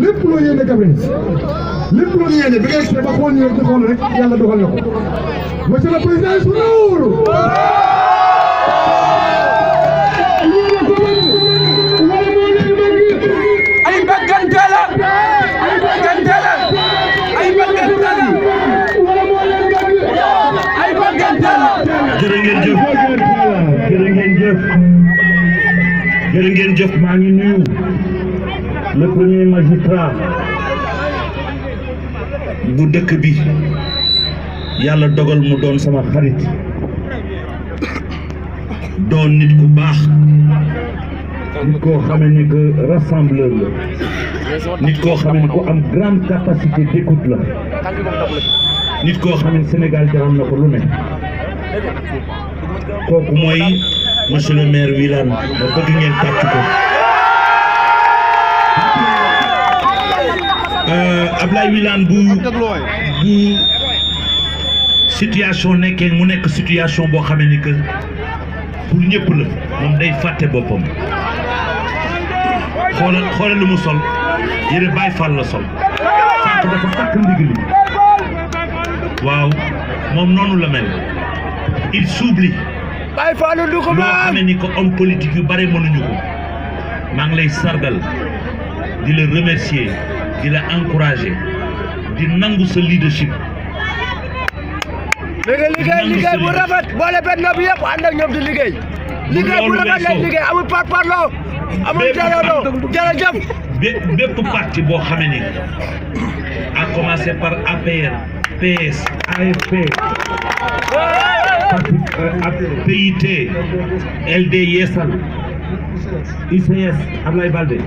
lépp loo yéene Gabriel lépp loo yéene bi ngeen seet ba ñu di xool rek yàlla doxal na monsieur le président Sonko ay bëggante jëf jërë jëf maa ngi nuyu le premier magistrat bu dëkk bi yàlla dogal mu doon sama xarit doon nit ku baax nit koo xamee ni que la nit koo xamee ku am grande capacité d'écoute la nit koo xamee Sénégal jaram na ko lu ne kooku mooy monsieur le maire Wilane ma bëgg ngeen tàcc ko Euh, Ablaye Wilane bu bu situation nekkee mu nekk situation boo xamee ni que pour ñëpp la moom day fàtte boppam xoolal xoolal lu mu sol yére Baay Faal la sol waaw moom noonu la mel il s'oublie Baay Faalu du xamee ni que homme politique yu bare mënuñu ko maa ngi lay sargal di le remercier di la encourager di nangu sa leadership. di nangu liggéey liggéey bu rafet boole benn bi yëpp ànd ak ñoom di liggéey. liggéey bu rafet la liggéey amul par parloo amul teeloo jërëjëf. bépp parti boo xamee ni à commencer par APR PS AFP. PIT LD Yessal ICS Ablaye Baldé